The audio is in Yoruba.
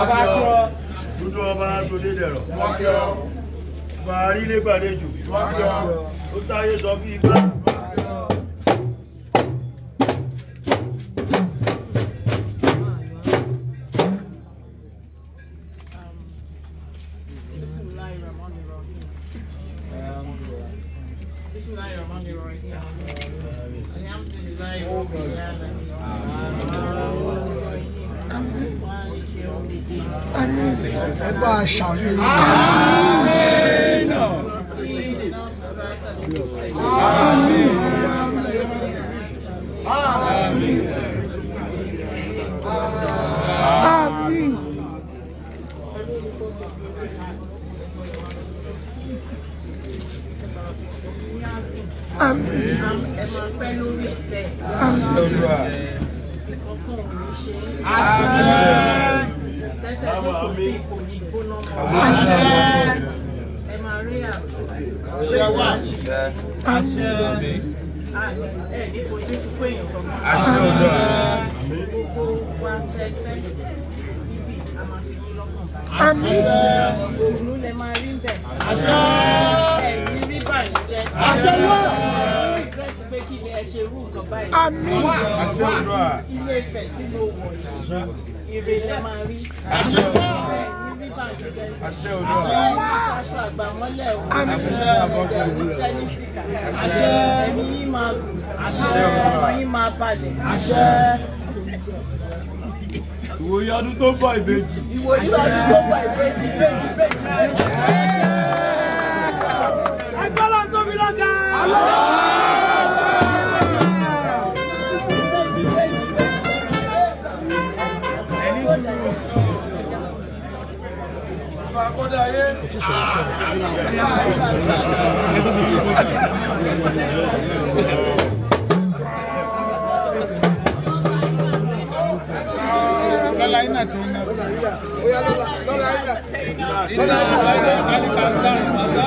akíọ́ dúdú ọba aṣọlé dẹ̀rọ̀ akíọ́ buhari lé gbàlejò akíọ́ tó táyé sọ fún igbá. Bismillahirrahmanirrahim. Alhamdulillahi rabbil alamin. Amen. ẹ bá Amen. Amen. Amen. Amen. Amen. Amen. Àmín. Àmín. kò ní gbóná mọ́. ẹ máa rí àbúrò. àṣẹ ẹ ní fojú sùpé èèyàn kankan. àṣẹ ọ̀dọ́ àmín. gbogbo wa fẹ́ fẹ́ níbi a máa fi yín lọ́kàn bá. àmín. òòlù lẹ máa rí bẹ̀. àṣẹ. ẹ̀yin ẹ ṣe irú nǹkan báyìí. wà wà ilé Ifẹ̀ tí mo wọ̀ yìí ire lẹ máa rí. àṣẹ olúwa àṣẹ olúwa. àwọn aṣọ àgbàmọ́lẹ̀ o. àmì àṣẹ àbọ̀kọ̀ òwúrọ̀. ẹni ẹni yìí máa gùn. àṣẹ ọmọ yìí máa balẹ̀. àṣẹ ìwòye ọdún tó bọ̀ ìbejì. ìwòye ọdún tó bọ̀ ìbejì ìbejì ìbejì ìbejì. ọba akọ́dá ayé. lọ́la iná tó ń ná. lọ́la iná lọ́la iná lọ́la iná.